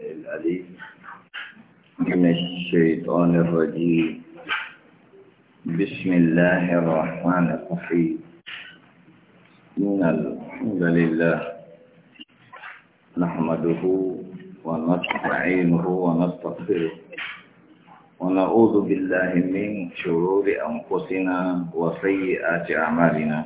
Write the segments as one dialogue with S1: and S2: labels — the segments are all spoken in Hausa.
S1: الأليم من الشيطان الرجيم بسم الله الرحمن الرحيم إن الحمد لله نحمده ونستعينه ونستغفره ونعوذ بالله من شرور أنفسنا وسيئات أعمالنا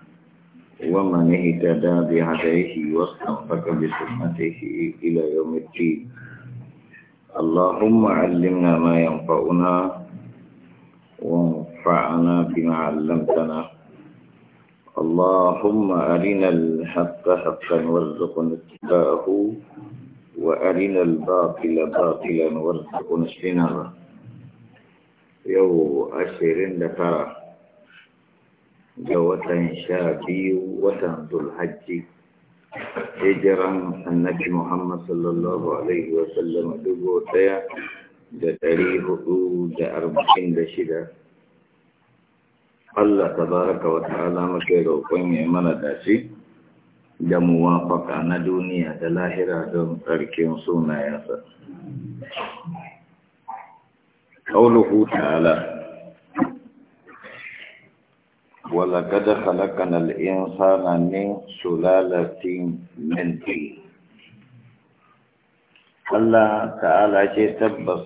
S1: ومن اهتدى بهديه واستنفق بسنته إلى يوم الدين اللهم علمنا ما ينفعنا وانفعنا بما علمتنا اللهم أرنا الحق حقا وارزقنا اتباعه وأرنا الباطل باطلا وارزقنا اجتنابه يو أشرين لترى Da watan sha biyu watan zulhajji hijiran annabi Muhammad sallallahu Alaihi sallam dubu ɗaya da ɗari hudu da arba'in da shida. Allah ta baraka wa ta'ala muke roƙon ya mana dace da wafaka na duniya da lahira don tsarkin sunayensa. Ƙauluhu ta'ala Wala ولقد خلقنا الإنسان من سلالة min طين Allah ta'ala ce tabbas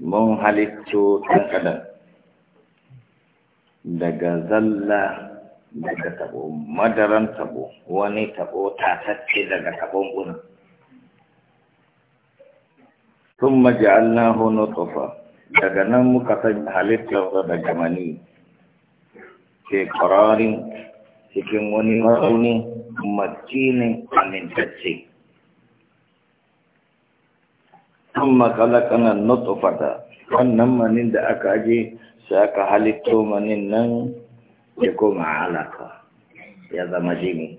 S1: mun halittu ɗan kadan daga zalla daga tabo madaran tabo wani tabo tatacce daga tabon guna sun maja'alnahu nutfa daga nan muka san halittar daga mani ke ƙararin cikin wani rauni matinin amintacce an makala noto nutfata wannan manin da aka aje sai aka halitto manin nan ya koma alaka ya zama jini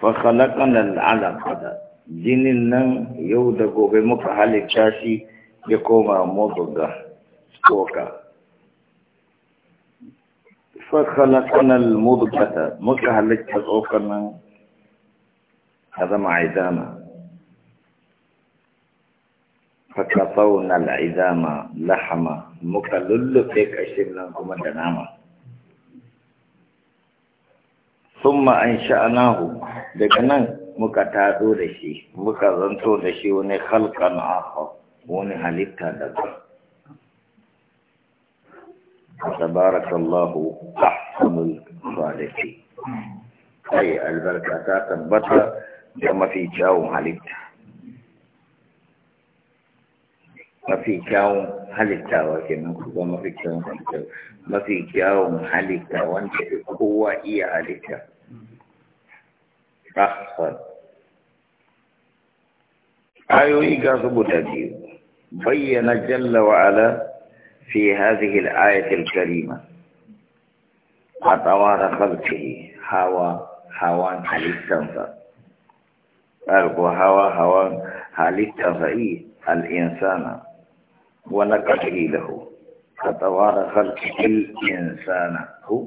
S1: fa khalaqana al da jinin nan yau da gobe muka halitta shi ya koma ga tsoka فخلقنا المضغة مكهلك تزوقنا هذا ما عدامة فكطونا العدامة لحمة مكلل فيك أشتنا لكم دنامة ثم أنشأناه لكنا مكتادو لشي مكذنتو لشي ونخلقا آخر وني ونهلتا دبر تبارك الله أحسن الخالقين أي البركة تبطل كما في جاو حالك ما في جاو حالك ولكن كما في جاو حالك ما في جاو حالك وانت هو هي حالك أحسن أيوه يقصبو تديو بين جل وعلا في هذه الآية الكريمة أطوار خلقه هوى هوان حليسا ألقوا هوى هوان حليسا إيه الإنسان ونقده له أطوار خلقه الإنسان هو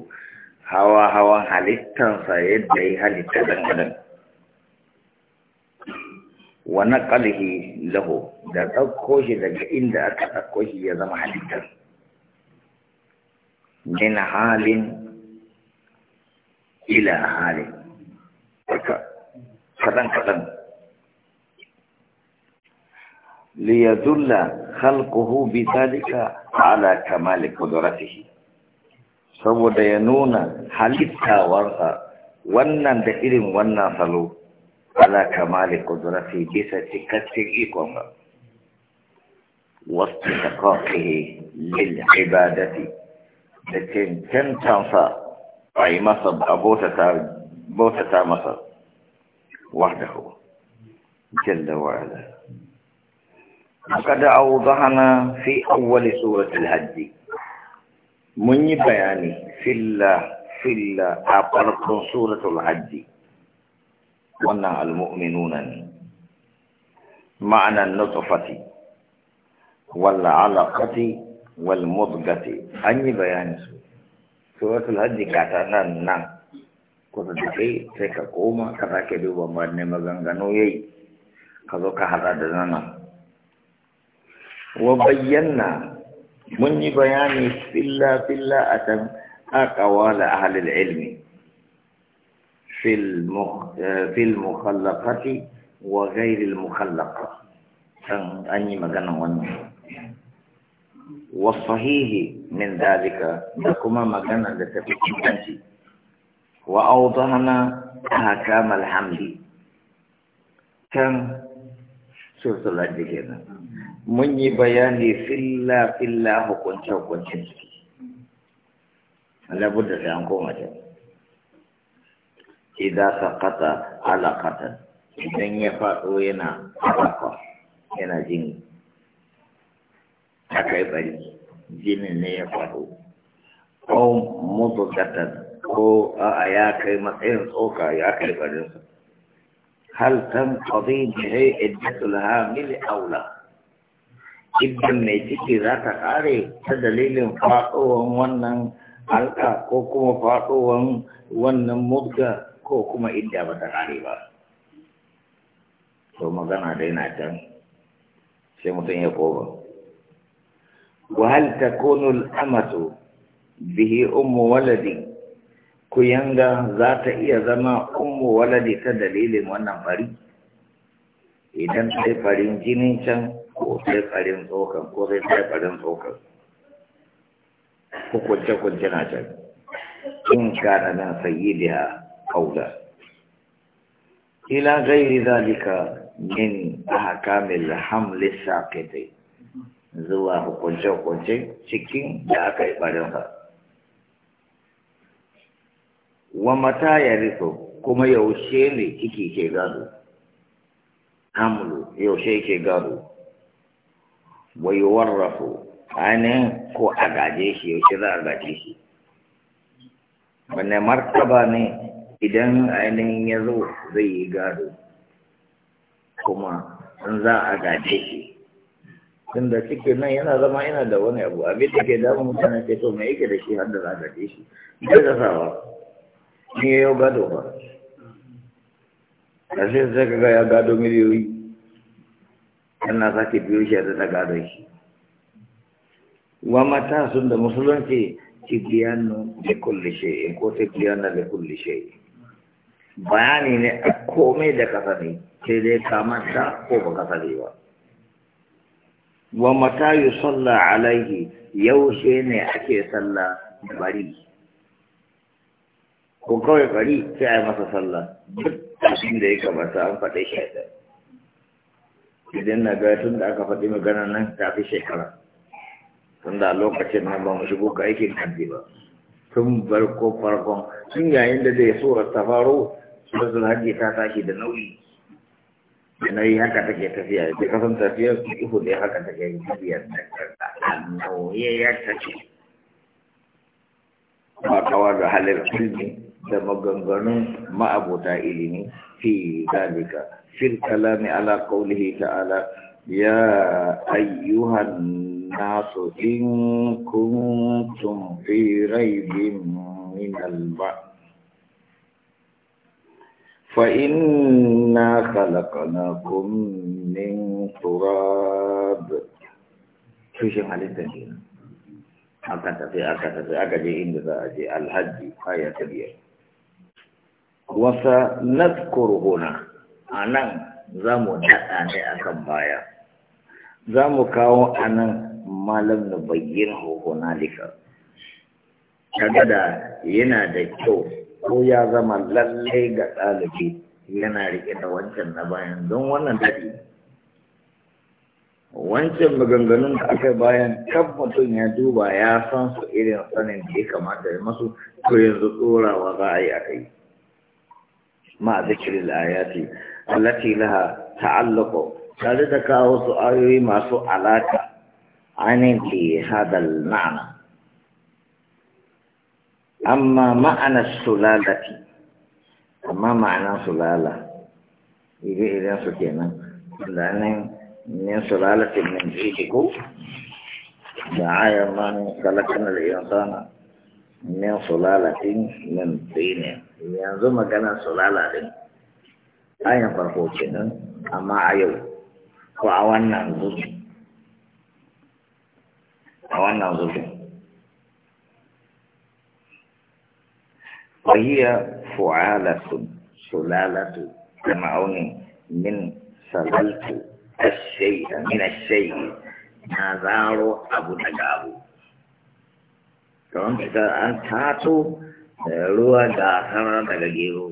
S1: هوى هوان حليسا يدعي حليسا wa naqalihi lahu da dauko shi daga inda aka dauko shi ya zama halitta. min halin ila halin kaɗan-kaɗan yadulla khalquhu bi zalika ala kamali qudratihi saboda ya nuna halittawarsa wannan da irin wannan salo على كمال قدرته بستكت إيقونا واستحقاقه للعبادة لكن كم تنسى أي مصر أبوتة بوتة مصر وحده جل وعلا وقد أوضحنا في أول سورة الهج من بياني في الله في الله أقرق سورة الهج wannan almu'minuna ne ma'anan nutfati wal alaqati wal mudghati an yi bayani su suratul hajji ka ta nan nan kusa da kai sai ka koma ka sake duba wanne maganganu yayi ka zo ka hada da nan wa bayyana mun yi bayani filla filla a kan aqwala ahli ilmi في المخ... في المخلقة وغير المخلقة أني مغنى وني والصحيح من ذلك لكما مغنى لتفكيرتي وأوضحنا أحكام الحمد كان سورة الأجل mun yi bayani filla filla hukunce hukuncen ciki labu da sai an koma can saqata ala qatan idan ya faɗo yana alaka yana jini akai bari jinin ne ya faɗo ko mudghatan ko a ya kai matsayin tsoka ya kai barin hal bi hay iddatul hamil aula idan mai ciki za ta kare ta dalilin faɗowan wannan alka ko kuma faɗowan wannan mudga ko kuma inda ba ta kare ba to magana da yana can sai mutum ya koma wahal takunu amatu bihi ummu waladi ku yanga za ta iya zama ummu waladi ta dalilin wannan fari idan sai farin jinin can ko sai farin tsokan ko sai sai farin tsokan kwance kwance na can in kana nan sayyidiha أولى إلى غير ذلك من أحكام الحمل الساقط zuwa hukunce-hukunce cikin da aka yi ɓarinsa. Wa mata ya rito kuma yaushe ne ciki ke gado, hamlu yaushe ke gado, wa yi warrafu ainihin ko a gaje shi yaushe za a gaje shi. Wane martaba ne idan ainihin ya zo zai yi gado kuma in za a gaje shi tun da cikin nan yana zama yana da wani abu abin da ke damun mutane ce to mai yake da shi har da za a gaje shi da rasawa in ya yau gado ba a sai ka ya gado miliyoyi yana sake biyo shi da ta gado shi wa mata sun da musulunci cibiyanu da kulle shi'in ko sai cibiyanu da kulle shi'in bayani ne a komai da kasa ne sai dai kamar ta ko ba kasa ne ba wa mata yi salla alaihi shi ne ake salla da bari ko kawai bari sai a yi masa salla duk tashin da ya kamata an shi shaidar idan na ga tun da aka faɗi magana nan ta fi shekara tun da lokacin nan ba mu shigo ka aikin kanti ba tun barko farkon tun yayin da zai sora ta faro suratul hajji ta tashi da nauyi da nauyi haka take tafiya da kasan tafiyar ihu da haka take tafiya da Nauyi ya tafi. ba kawar da halin ilmi da maganganun ma'abota ilimi fi dalika fil kalami ala kaulihi ta'ala ya ayyuhan الناس إن كنتم في ريب من البعث فإنا خلقناكم من تراب شو شيء عليه تنين akan tafi akan tafi aka je inda za a je alhaji aya ta biyar wasa nadkuru huna anan za mu daɗa ne akan baya za mu kawo anan malam na bayyin hukuna lika kaga da yana da kyau ko ya zama lallai ga ɗalibi yana riƙe da wancan na bayan don wannan daɗi wancan maganganun da aka bayan kan mutum ya duba ya san su irin sanin da ya kamata ya masu to yanzu tsorawa za a yi a kai ma zikirin ayati allati laha ta'allaqu tare da kawo su ayoyi masu alaka ainihin hadal ma'ana amma ma'ana sulalati amma ma'ana sulala iri irin su kenan sulanin min sulalatin min jiko da ayar man kalakan al'insana min sulalatin min tsini yanzu magana sulala din ayan farko kenan amma a yau ko a wannan zubi a wannan zubin وهي فعالة سلالة كمعون من سللت الشيء من الشيء نظار أبو نجاب كون إذا أنت هاتو ruwa da sanar daga gero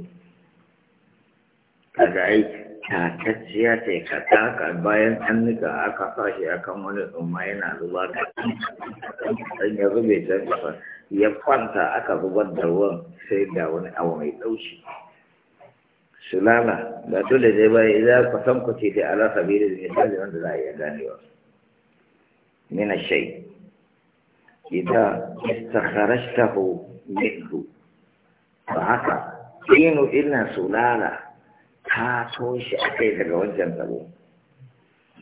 S1: tatacciya ce ka taka bayan an nika aka fashi akan wani tsumma yana zuba da dan ya zube ta kasa ya kwanta aka zubar da ruwan sai da wani abu mai ɗauki sulala ba dole dai ba idan ka san ku ce da ala sabili da misali wanda za a iya ganewa min shay idan istakharajtahu minhu fa haka inu illa sulala ta so shi a kai daga wajen zabo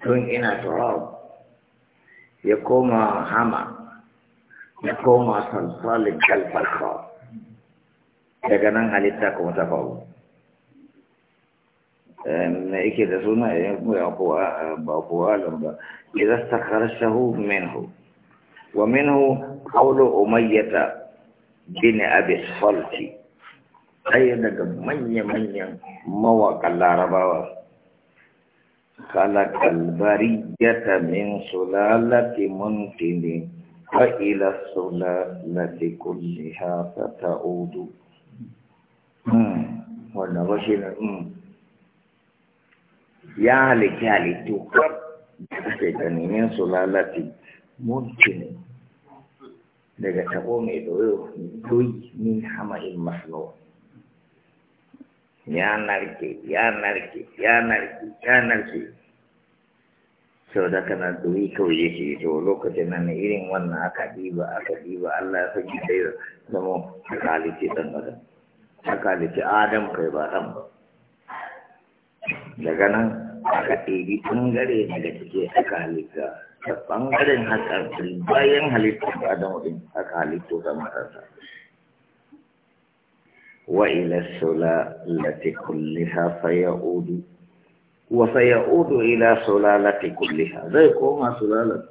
S1: tun ina turab ya koma hama ya koma sansalin kalfarka daga nan halitta kuma ta faru na eh, yake da suna eh, ya kowa ba kowa lamba idan ta karshahu minhu wa minhu qawlu umayyata bin abi salti ɗaya daga manya-manyan mawaƙa larabawa خلق البرية من سلالة منتن فإلى udu. كلها فتعود shi rashin ya halitta halittu kar da ke min sulalati muntin hmm, hmm. daga tabo mai doyo doyi min hama'in maslowa ya narke ya narke ya narke ya narke sau da kana duwi kawai yake to lokacin nan irin wannan aka diba aka diba Allah ya saki sai zama kalice dan adam kalice adam kai ba dan ba daga nan aka ɗebi ɓangare daga ciki aka halitta ta ɓangaren haka bayan halittar adam ɗin aka halitto ta matarsa وإلى التي كلها فيعود وسيعود إلى سلالة كلها زي كوما سلالة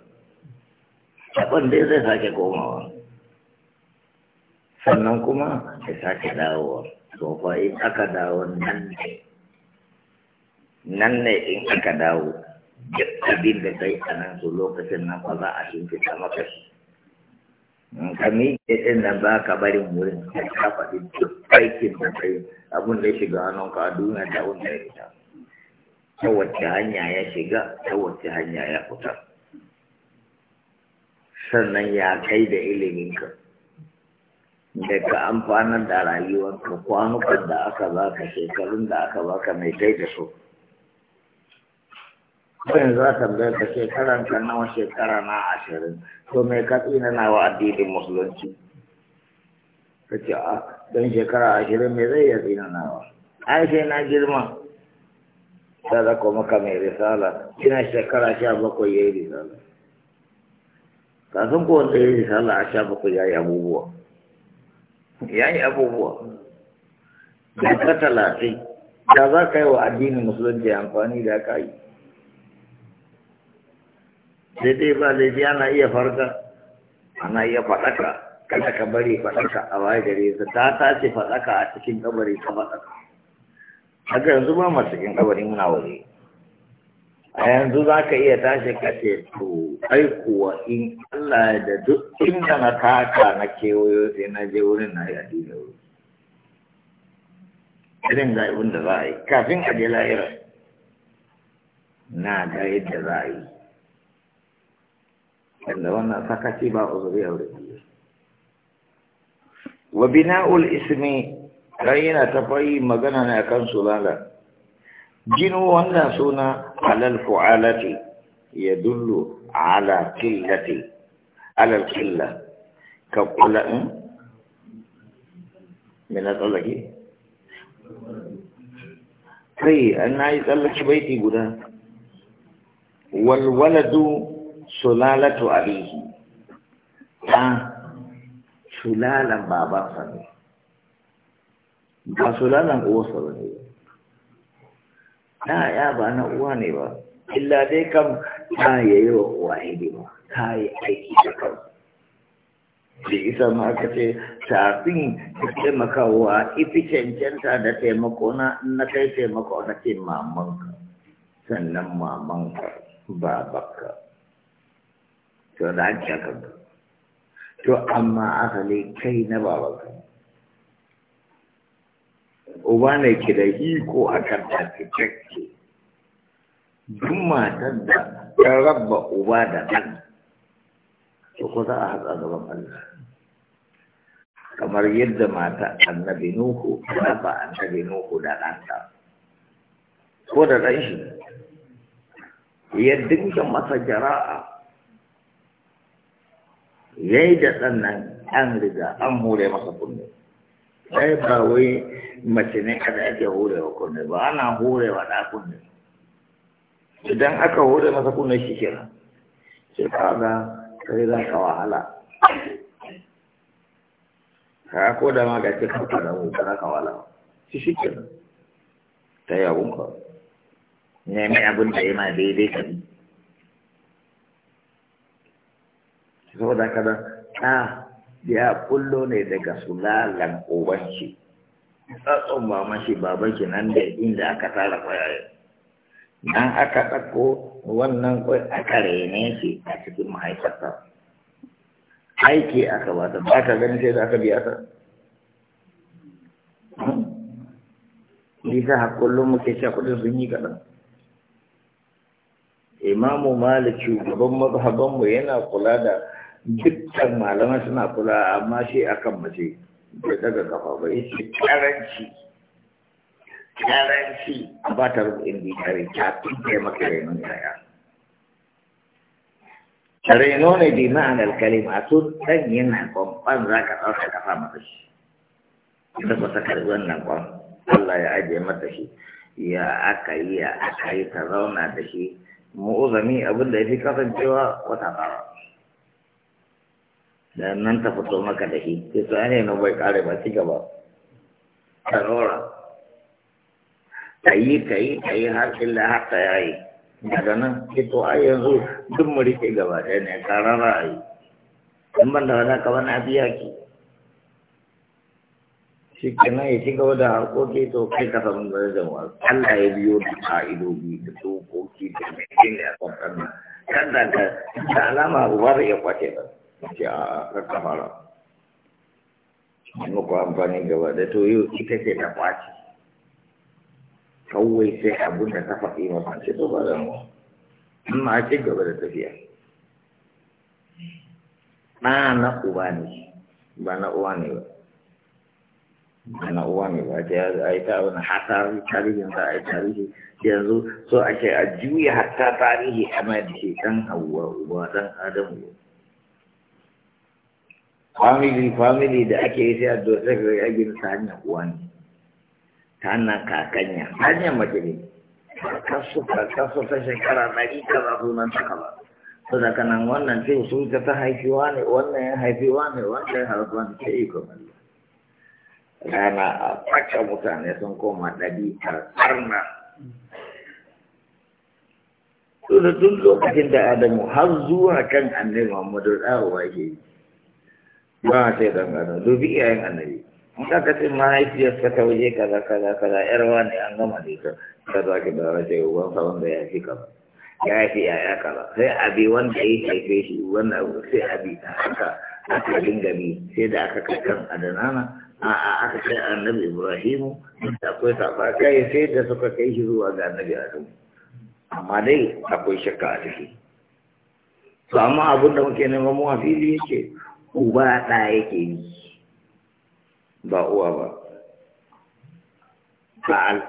S1: تبان دي زي ساكي كوما سنن كوما ساكي داو سوفا إن أكا داو نن نن إن أكا داو جبت دين بكي أنا سلوك سنن فضاء أشين في سمكس ka miƙe ɗin nan ba ka barin wurin ka faɗi duk aikin da kai abin da shiga hannunka a duniya da abin ya fita ta wacce hanya ya shiga ta wacce hanya ya fita sannan ya kai da iliminka da ka amfanar da ka kwanukan da aka baka shekarun da aka baka mai kai da su bayan za ka bayar da shekaran ka nawa shekara na ashirin to mai ka tsina na wa addinin musulunci ka ce a ah, don shekara ashirin mai zai ya tsina na wa ai sai na girma ta da kuma ka mai risala ina shekara sha bakwai ya yi risala kafin ko wanda ya yi risala a sha bakwai ya yi abubuwa ya yi abubuwa da ka talatin da za ka yi wa addinin musulunci amfani da ka yi Daidai ba laifi ana iya farka ana iya faɗaka kada ka bari faɗaka a waye gare su ta tace faɗaka a cikin kabari ta faɗaka haka yanzu ba ma cikin kabari muna waje a yanzu za ka iya tashi ka ce to ai kuwa in Allah da duk inda na taka na kewayo sai na je wurin na yi addini irin ga da za a yi kafin a je lahira na ga yadda za a yi inda wannan sakaci ba uzuri a wurin Allah wa bina'ul ismi yana ta fayi magana ne akan sulala jinu wannan suna alal fu'alati yadullu ala killati alal qilla ka kula من أطلقه في أن عايز أطلق شبيتي قدا والولد sulalatu alihi ta sulalan babansa ne ba sulalan uwarsa ba ne ya ba na uwa ne ba illa dai kam ta yi wa uwa hidima ta yi aiki da kansu da isa ma aka ce tafin taimakawa ifi cancanta da taimako na na kai taimako na ce mamanka sannan mamanka babanka to da an a kanka to amma asali kai na babanka uba ne ke da iko a kan tafi duk matan da ta rabba uba da ɗan to ko za a hatsa gaban Allah kamar yadda mata annabi Nuhu raba annabi Nuhu da ɗanta ko da ɗan shi ya dinga masa jara'a yayi da ɗan nan an riga an hure masa kunne sai ba wai mace ne kada ake wa kunne ba ana wa da kunne idan aka hure masa kunne shi kenan sai kaga kai za ka wahala ka ko da ma ga ce ka fara mu ka ka wahala shi shi kenan ta yawon ka nemi abin da ma daidai ka bi saboda kada Ta ya kullo ne daga sulalan ubanci tsatson mamashi babanki nan da inda aka tara kwayaye dan aka ɗauko wannan kwai aka rene shi a cikin mahaifarsa aiki aka ba ta ba ka gani sai da aka biya ta hmm? a kullum muke sha kudin sun yi kaɗan imamu malik shugaban mazhabanmu yana kula da dukkan malamai suna kula amma shi akan mace da daga kafa ba ya ce karanci karanci a ba ta rubu indi kare kafin kai maka reno ne bi ma'an alkali masu dan yana kwamfan za ka ɗauka kafa masu shi ita ba ta karɓi wannan kwan Allah ya ajiye mata shi ya aka yi ya aka yi ta zauna da shi mu'uzami abin da ya fi kasancewa wata fara da nan ta fito maka da shi sai to ne nan bai kare ba ci gaba karora kayi kayi kayi har illa har ta yayi daga nan sai a yanzu duk mu rike gaba ɗaya ne karara ai in ban da wani kaba na biya ki shi kenan ya ci gaba da harkoki to kai ka samu darajar wa Allah ya biyo da ka'idoji da dokoki da mai ne a kan kan da alama ba zai iya kwace ba ce a kakka fara muku amfani gaba da to yau ita ce ta kwaci kawai sai abin da ta faɗi masa ce to ba zan amma a ci gaba da tafiya ɗa na uba ne ba na uwa ne ba ba na uwa ne ba ta yi ta wani hasar tarihin ta a yi tarihi yanzu so ake a juya hatta tarihi a mai da shi ɗan hauwa uba ɗan adamu family family da ake yi sai a dosa ka ga gina ta hanyar uwa ne ta hanyar kakanya ta hanyar mace ne kasu kasu ta shekara ɗari kaza sunan ta kaza to da kanan wannan ce su ta ta haifiwa ne wannan ya haifi haifiwa ne wannan ya haifiwa ne ke iko mallu rana a fakka mutane sun koma ɗari karna to da duk lokacin da adamu har zuwa kan annabi muhammadu ɗawa ke yi ba a ce gano dubi iyayen annabi in ka ka ce mahaifiyarsa ta waje kaza kaza kaza yar wani an gama da ita ka za ki dawo ce ubansa wanda ya fi kaza ya fi yaya kaza sai abi wanda ya yi haife shi wanda sai abi ta haka aka dinga bi sai da aka kai kan adanana a'a aka kai annabi ibrahimu da akwai safa kai sai da suka kai shi zuwa ga annabi adamu amma dai akwai shakka a ciki to amma abin da muke neman mu a fili yake uba ɗa yake yi ba uwa ba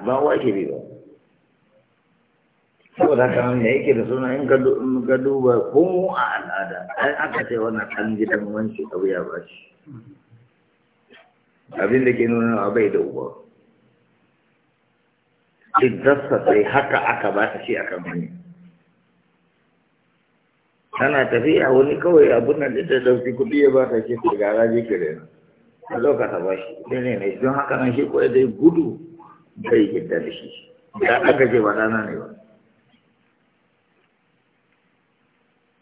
S1: ba uwa ke bi ba saboda haka nan ne yake da suna in ka duba ko a al'ada ai aka ce wannan ɗan gidan wancan abu ya ba shi abin da ke nuna a bai da uba dasa sai haka aka ba ta shi akan wani tana tafiya wani kawai abun nan da dauki kuɗi ya ba ta ke ta gara je ki rena a lokata ba shi ne ne ne don haka nan shi kawai dai gudu bai yadda da shi da aka ce ba dana ne ba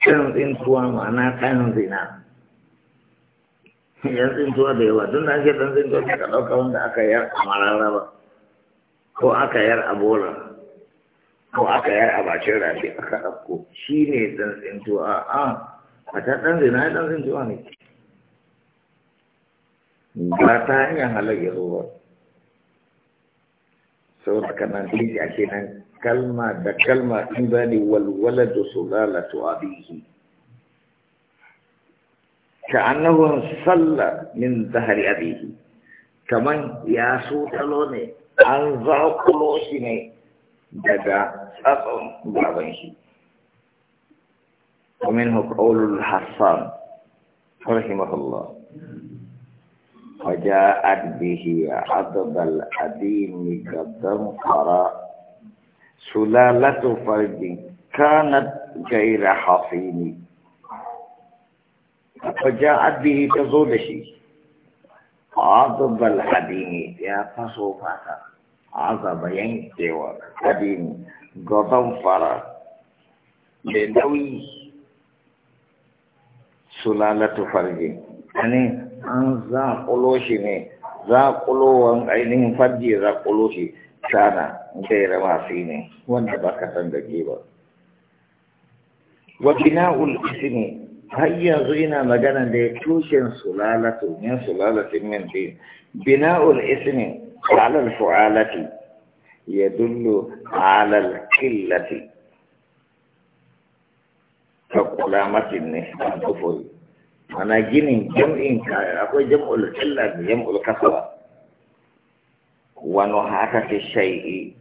S1: kan tsintuwa ma'ana kan zina yan tsintuwa da yawa tun da ake dan tsintuwa ka ɗauka wanda aka yar a ba ko aka yar a ko aka yar a bacin rafi aka ɗauko shi ne ɗan tsintuwa a a ta ɗan zina ya ɗan tsintuwa ne ba ta hanyar halar ya zo ba sau da kanan ɗin ya ke nan kalma da kalma in ba ne walwala da su lalata wa bihi ka annahun sallah min zahari abihi kaman ya su talo ne an zaƙulo shi ne daga tsatson baban ومنه قول الحصان رحمه الله وجاءت به عضب الأديم كالدنقر سلالة فرد كانت غير حصين وجاءت به تزول شيء عضب الحديم يا فصوفاتا azaba yankewa abin gaban fara da nauyi sulalatu farji ne an za kulo shi ne Za zaƙulowan ainihin farji kulo shi sana gaira masu ne wanda ba ka san da ke ba wa bina'ul ismi har yanzu ina magana da tushen sulalatu min sulalatin min din bina'ul ismi على الفعالة يدل على القلة كقلامة النسبة الكفر أنا جيني جمع أقول جمع القلة جمع الكثرة ونهاكة الشيء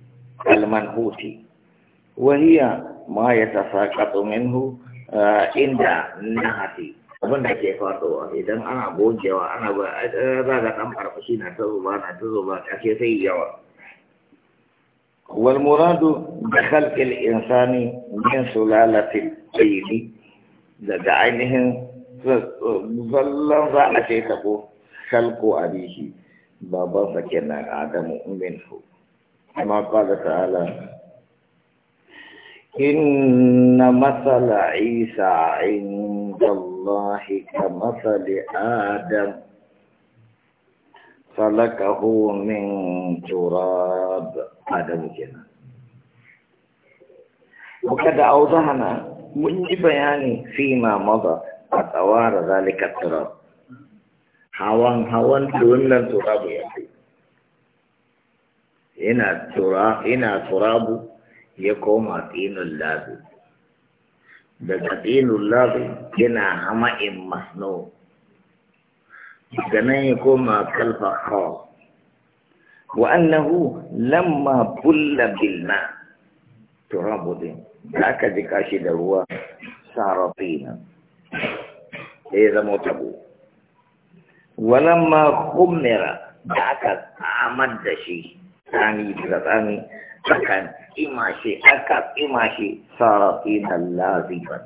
S1: المنهوت وهي ما يتساقط منه آه، عند نهتي abin da ke faruwa idan ana gogewa ana ba za ga dan farfashi na ta zuba na ta zuba kake sai yawa wal muradu bi khalq al insani min sulalatil tayyib daga ainihin zallan za a ce ta ko khalqu abihi baban sa kenan adamu hu amma qala ta'ala inna masala isa عند الله كمثل آدم خلقه من تراب آدم كنا وقد أوضحنا من بيان فيما مضى أتوار ذلك التراب hawan hawan wannan turabu ya fi ina turabu ya koma tsinin labi da dabinun labi yana hama'in masno da nan ya koma kalfa hawa wa annahu lamma bulla bilma turabu din da aka jika shi da ruwa sarafina ya zama tabo walamma kumira da aka tsamar da shi tsani daga tsani akan imashi akan imashi saratina laziban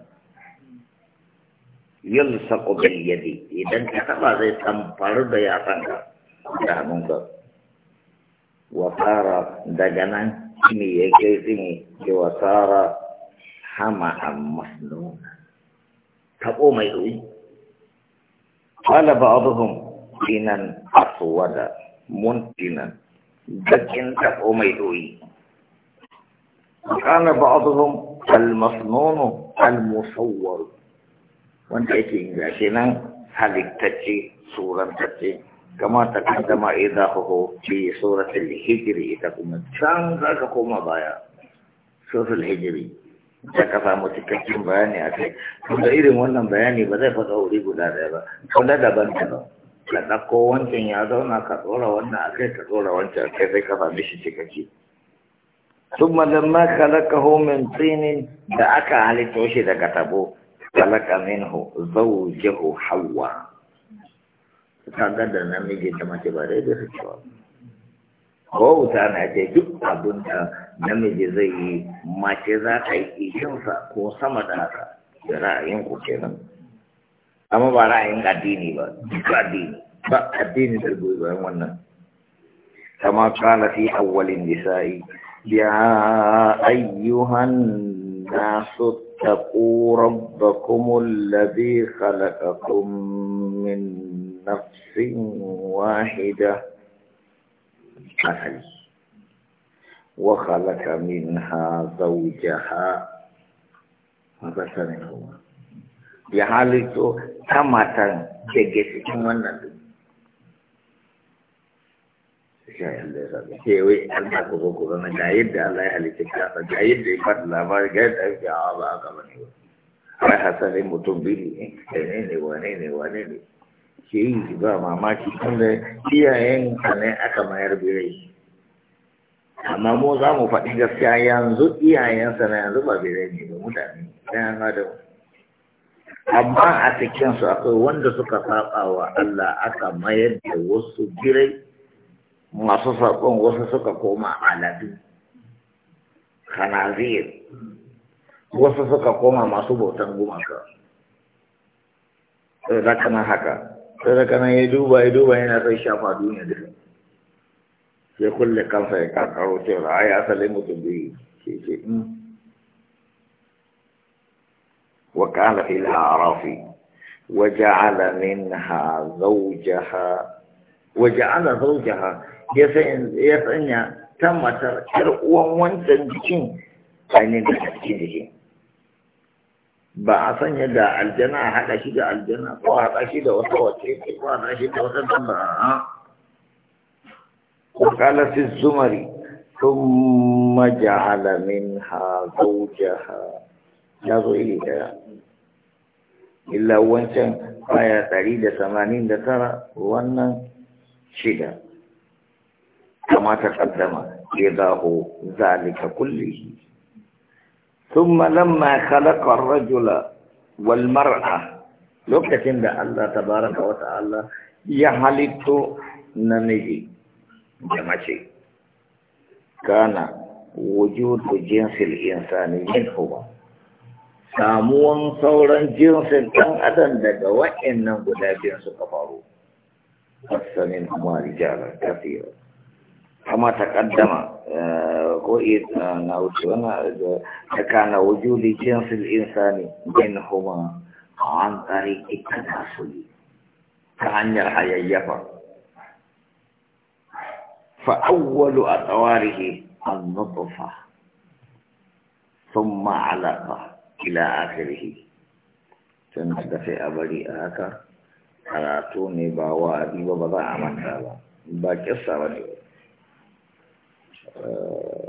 S1: yulsaqu bil yadi idan ka taba zai tamfar da yatsan ka wa fara daga nan ne ya kai zini ke wa fara hama masnuna tabo mai ruwi qala ba'dhum dinan aswada muntinan dakin tabo mai ruwi وكان بعضهم المصنون المصور وانت ايتين لكن halittacce surantacce kama ta kaddama idahuhu fi suratul hijri ita kuma can za ka koma baya suratul hijri da ka samu cikakken bayani a kai da irin wannan bayani ba zai faɗa wuri guda daya ba kula daban daban ka ɗauko wancan ya zauna ka tsora wannan a kai ka tsora wancan a sai ka sami shi cikakke ثم لما خلقه من طين دعك على توشي دكتبو خلق منه زوجه حواء kaga da namiji da mace ba dai da suke ba ko wuta na ce duk abin da namiji zai yi mace za ta yi sa ko sama da haka da ra'ayin ku kenan amma ba ra'ayin addini ba duk addini ba addini da goyi wannan kama fi awwalin nisa'i يا أيها الناس اتقوا ربكم الذي خلقكم من نفس واحدة أهل وخلق منها زوجها هذا سنة هو يحالي تو تماتا جيجي سيكون shan Allah ya sami ke wai an ta ku zo ku zama ga yadda Allah ya halitta kasa ga yadda ya faɗi labari ga yadda ake hawa ba aka bane ba ai hasarin mutum biyu ne ne wane ne wane ne ke yi ba mamaki tunda iyayen ka ne aka mayar birai amma mu za mu faɗi gaskiya yanzu iyayensa na yanzu ba birai ne ba mutane ɗayan adam amma a cikinsu akwai wanda suka saba wa Allah aka mayar da wasu birai masu saƙon wasu suka koma aladu khanazir wasu suka koma masu bautan gumaka sai da kana haka sai da kana ya duba ya duba yana sai shafa duniya duka sai kulle kansa ya kakaro cewa ai asali mutum biyu ke ce in وكان في الأعراف وجعل منها زوجها وجعل زوجها ya sanya ya sanya ta matar ƴar uwan wancan jikin ainihin da ta cikin jikin ba a sanya da aljana a haɗa shi da aljana ko a haɗa shi da wasu wace ko a haɗa shi da wata damba a kokala fi zumari sun maja alamin ha zoja ha ya zo iri ɗaya. illa wancan baya ɗari da samanin da tara wannan shida كما تقدم إذاه ذلك كله ثم لما خلق الرجل والمرأة لوكتين ده الله تبارك وتعالى يحلت نمجي جمعشي كان وجود جنس الإنسان منهما samuwan sauran jinsin ɗan adam daga wa'annan guda biyar suka faru. Asanin kuma rijalar kafiyar. كما تقدم قيد آه، آه، نوتنا آه، كان وجود جنس الإنسان بينهما عن طريق التناسل كأن يرحى فأول أطواره النطفة ثم علقة إلى آخره تنتفع آكا على توني باوا أبي وبضاء من هذا باكي الصلاة uh,